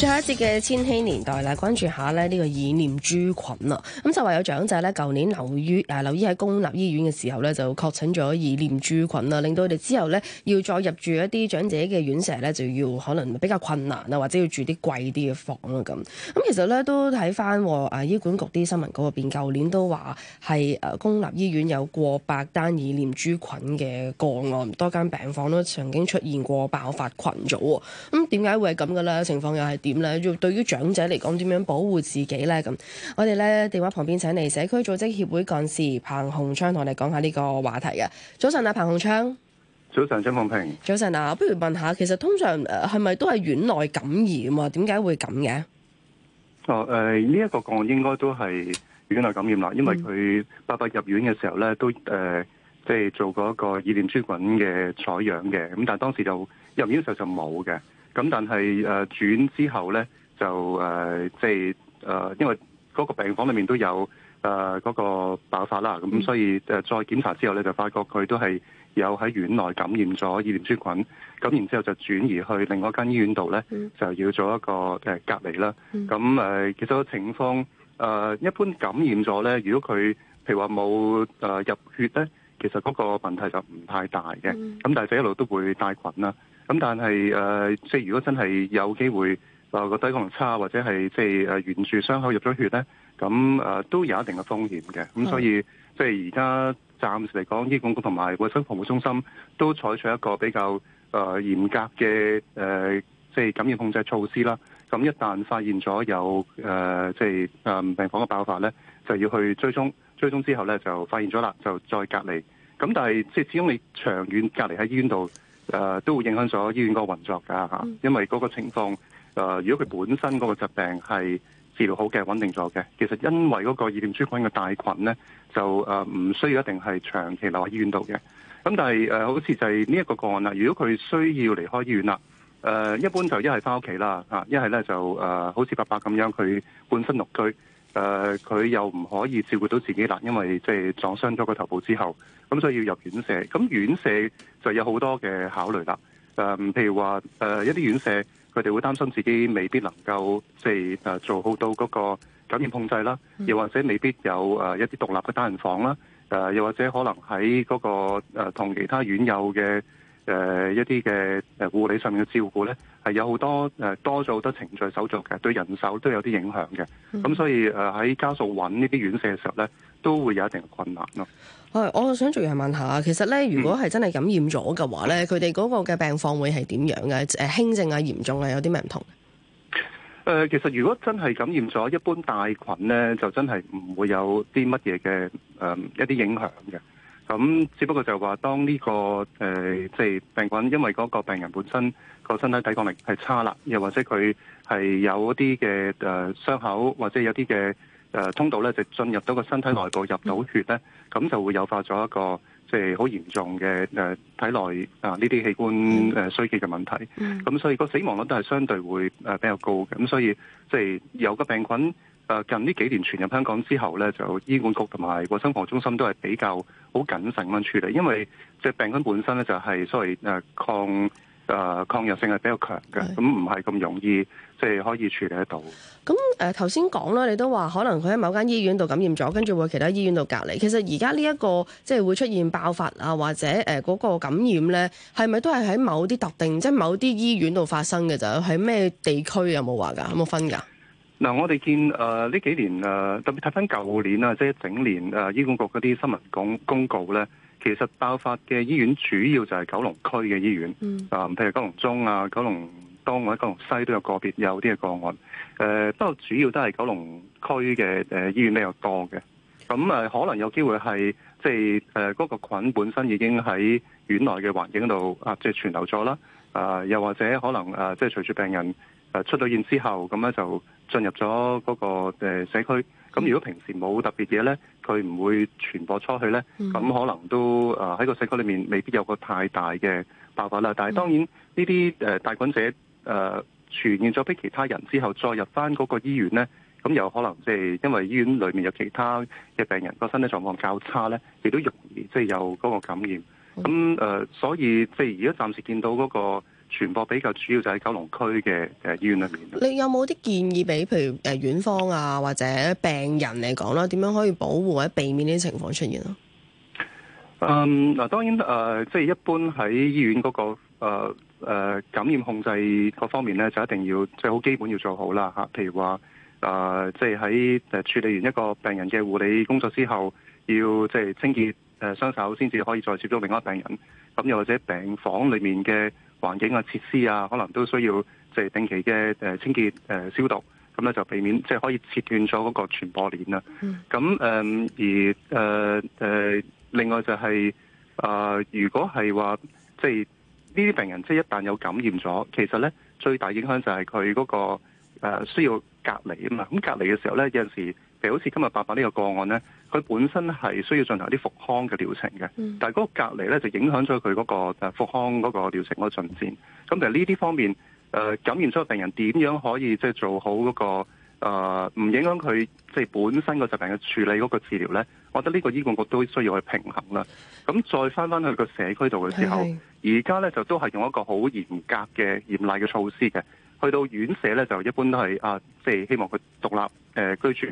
最後一節嘅千禧年代啦，關注下咧呢個耳念珠菌啦。咁就話有長者咧，舊年留於誒留醫喺公立醫院嘅時候咧，就確診咗耳念珠菌啦，令到佢哋之後咧要再入住一啲長者嘅院舍咧，就要可能比較困難啊，或者要住啲貴啲嘅房啦咁。咁其實咧都睇翻誒醫管局啲新聞稿入邊，舊年都話係誒公立醫院有過百單耳念珠菌嘅個案，多間病房都曾經出現過爆發群組。咁點解會係咁噶啦？情況又係點？點咧？要對於長者嚟講，點樣保護自己咧？咁我哋咧電話旁邊請，請嚟社區組織協會幹事彭鴻昌同我哋講下呢個話題嘅。早晨啊，彭鴻昌。早晨，張鳳平。早晨啊，不如問下，其實通常係咪都係院內感染啊？點解會咁嘅？哦，誒、呃，呢、這、一個個案應該都係院內感染啦，因為佢八八入院嘅時候咧、嗯，都誒即係做過一個耳念珠菌嘅採樣嘅，咁但係當時就入院嘅時候就冇嘅。咁但係誒轉之後咧，就誒即係誒，因為嗰個病房裏面都有誒嗰個爆發啦，咁所以誒再檢查之後咧，就發覺佢都係有喺院內感染咗耳念珠菌，咁然之後就轉移去另外一間醫院度咧，就要做一個誒隔離啦。咁誒其實個情況誒一般感染咗咧，如果佢譬如話冇誒入血咧，其實嗰個問題就唔太大嘅。咁但係就一路都會帶菌啦。咁但係、呃、即係如果真係有機會，個、呃、抵抗力差或者係即係誒、啊、沿住傷口入咗血咧，咁、呃、都有一定嘅風險嘅。咁、嗯嗯、所以即係而家暫時嚟講，醫管局同埋衞生防護中心都採取一個比較誒、呃、嚴格嘅、呃、即係感染控制措施啦。咁一旦發現咗有誒、呃，即係、啊、病房嘅爆發咧，就要去追蹤，追蹤之後咧就發現咗啦，就再隔離。咁但係即係始終你長遠隔離喺醫院度。誒，都會影響咗醫院個運作噶吓，因為嗰個情況誒，如果佢本身嗰個疾病係治療好嘅、穩定咗嘅，其實因為嗰個耳念珠菌嘅大菌咧，就誒唔需要一定係長期留喺醫院度嘅。咁但係誒，好似就係呢一個個案啦。如果佢需要離開醫院啦，誒，一般就一係翻屋企啦，吓，一係咧就誒，好似伯伯咁樣，佢本身獨居。誒、呃、佢又唔可以照顧到自己啦，因為即係撞傷咗個頭部之後，咁所以要入院舍。咁院舍就有好多嘅考慮啦。誒、呃，譬如話誒、呃、一啲院舍，佢哋會擔心自己未必能夠即係誒做好到嗰個感染控制啦，又或者未必有誒一啲獨立嘅單人房啦。誒、啊，又或者可能喺嗰、個誒同、呃、其他院友嘅。誒、呃，一啲嘅誒護理上面嘅照顧咧，係有好多誒、呃、多咗好多程序手續嘅，對人手都有啲影響嘅。咁、嗯嗯、所以誒喺、呃、家屬揾呢啲院舍嘅時候咧，都會有一定嘅困難咯。誒、嗯，我想再嚟問下，其實咧，如果係真係感染咗嘅話咧，佢哋嗰個嘅病況會係點樣嘅？誒、呃，輕症啊，嚴重啊，有啲咩唔同？誒、呃，其實如果真係感染咗，一般帶菌咧，就真係唔會有啲乜嘢嘅誒一啲影響嘅。咁只不過就係話、這個，當呢個即係病菌，因為嗰個病人本身個身體抵抗力係差啦，又或者佢係有啲嘅誒傷口，或者有啲嘅誒通道咧，就進入到個身體內部入到血咧，咁就會誘發咗一個即係好嚴重嘅誒體內啊呢啲器官誒衰竭嘅問題。咁、嗯、所以個死亡率都係相對會誒比較高嘅。咁所以即係、就是、有個病菌。誒近呢幾年傳入香港之後咧，就醫管局同埋衞生防中心都係比較好謹慎咁處理，因為即係病菌本身咧就係所謂誒、呃、抗誒、呃、抗藥性係比較強嘅，咁唔係咁容易即係、就是、可以處理得到。咁誒頭先講啦，你都話可能佢喺某間醫院度感染咗，跟住會喺其他醫院度隔離。其實而家呢一個即係會出現爆發啊，或者誒嗰、呃那個感染咧，係咪都係喺某啲特定即係某啲醫院度發生嘅？就喺咩地區？有冇話㗎？有冇分㗎？嗱，我哋見誒呢、呃、幾年誒，特別睇翻舊年啊，即、就、係、是、整年誒、呃，醫管局嗰啲新聞公公告咧，其實爆發嘅醫院主要就係九龍區嘅醫院，嗯、啊，譬如九龍中啊、九龍東或者九龍西都有個別有啲嘅個案，誒、呃，不過主要都係九龍區嘅誒、呃、醫院比較多嘅，咁誒、呃、可能有機會係即係誒嗰個菌本身已經喺院內嘅環境度啊，即、就、係、是、傳流咗啦，啊，又或者可能誒，即、呃、係、就是、隨住病人。誒出咗院之後，咁咧就進入咗嗰個誒社區。咁如果平時冇特別嘢咧，佢唔會傳播出去咧，咁可能都誒喺個社區裏面未必有個太大嘅爆發啦。但係當然呢啲誒帶菌者誒、呃、傳染咗俾其他人之後，再入翻嗰個醫院咧，咁有可能即係因為醫院裏面有其他嘅病人個身體狀況較差咧，亦都容易即係有嗰個感染。咁誒、呃，所以即係而家暫時見到嗰、嗰個。傳播比較主要就喺九龍區嘅誒醫院裏面。你有冇啲建議俾，譬如誒院方啊，或者病人嚟講啦，點樣可以保護或者避免呢啲情況出現啊？嗯，嗱當然誒，即係一般喺醫院嗰個誒誒感染控制各方面咧，就一定要即係好基本要做好啦嚇。譬如話誒，即係喺誒處理完一個病人嘅護理工作之後，要即係清潔誒雙手先至可以再接觸另外一個病人。咁又或者病房裏面嘅。環境啊、設施啊，可能都需要即係定期嘅誒清潔誒、呃、消毒，咁咧就避免即係、就是、可以切斷咗嗰個傳播鏈啊。咁誒、嗯、而誒誒、呃呃，另外就係、是、啊、呃，如果係話即係呢啲病人即係一旦有感染咗，其實咧最大影響就係佢嗰個、呃、需要隔離啊嘛。咁隔離嘅時候咧有陣時。其實好似今日伯伯呢個個案呢，佢本身係需要進行啲復康嘅療程嘅、嗯，但係嗰個隔離呢，就影響咗佢嗰個誒復康嗰個療程嗰進展。咁其實呢啲方面，誒、呃、感染咗嘅病人點樣可以即係做好嗰、那個唔、呃、影響佢即係本身個疾病嘅處理嗰個治療呢？我覺得呢個醫管局都需要去平衡啦。咁再翻翻去個社區度嘅時候，而家呢，就都係用一個好嚴格嘅嚴厲嘅措施嘅。去到院舍呢，就一般都係啊，即、就、係、是、希望佢獨立誒、呃、居住。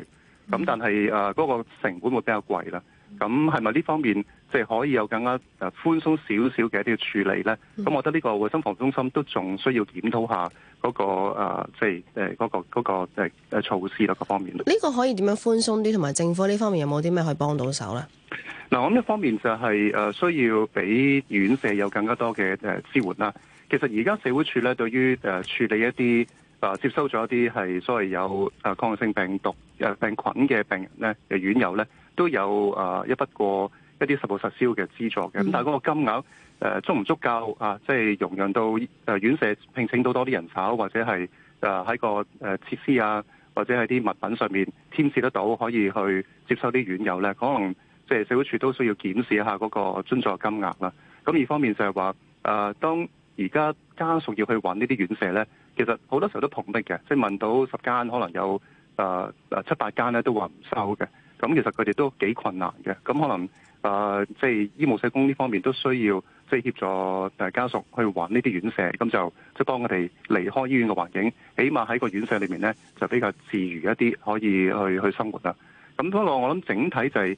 咁、嗯、但係誒嗰個成本會比較貴啦。咁係咪呢方面即係、就是、可以有更加誒寬鬆少少嘅一啲處理咧？咁、嗯、我覺得呢個衞生防中心都仲需要檢討一下嗰、那個即係誒嗰個嗰、那個那個措施啦各方面。呢、這個可以點樣寬鬆啲？同埋政府呢方面有冇啲咩可以幫到手咧？嗱，我諗一方面就係、是、誒、呃、需要俾院舍有更加多嘅誒支援啦。其實而家社會處咧對於誒、呃、處理一啲。啊！接收咗一啲係所謂有啊抗性病毒啊病菌嘅病人咧嘅院友咧，都有啊一筆過一啲實報實銷嘅資助嘅。咁但係嗰個金額誒足唔足夠啊？即係容讓到誒院舍聘請到多啲人手，或者係誒喺個誒設施啊，或者係啲物品上面添置得到，可以去接收啲院友咧，可能即係社會署都需要檢視一下嗰個捐助金額啦。咁二方面就係話，啊當而家家屬要去搵呢啲院舍咧。其實好多時候都碰壁嘅，即係問到十間可能有誒誒七八間咧都話唔收嘅，咁其實佢哋都幾困難嘅。咁可能誒即係醫務社工呢方面都需要即係協助誒家屬去揾呢啲院舍，咁就即係幫佢哋離開醫院嘅環境，起碼喺個院舍裏面咧就比較自如一啲，可以去去生活啦。咁不過我諗整體就係誒，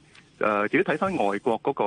如果睇翻外國嗰個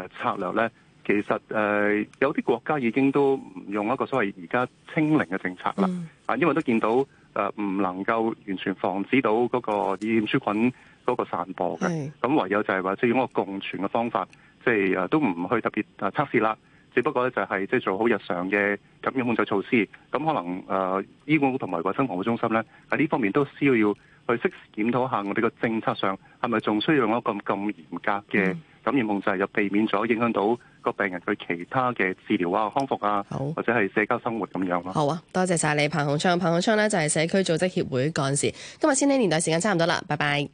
誒策略咧。其實誒有啲國家已經都唔用一個所謂而家清零嘅政策啦，啊、嗯，因為都見到誒唔、呃、能夠完全防止到嗰個念珠菌嗰個散播嘅，咁唯有就係話即係用一個共存嘅方法，即係都唔去特別誒測試啦，只不過咧就係即係做好日常嘅感染控制措施，咁可能誒醫管局同埋衞生防護中心咧喺呢方面都需要要去適時檢討下我哋個政策上係咪仲需要用一個咁嚴格嘅。嗯感染控制，又避免咗影響到個病人佢其他嘅治療啊、康復啊，好或者係社交生活咁樣咯。好啊，多謝晒你彭鴻昌，彭鴻昌呢就係社區組織協會幹事。今日千禧年代時間差唔多啦，拜拜。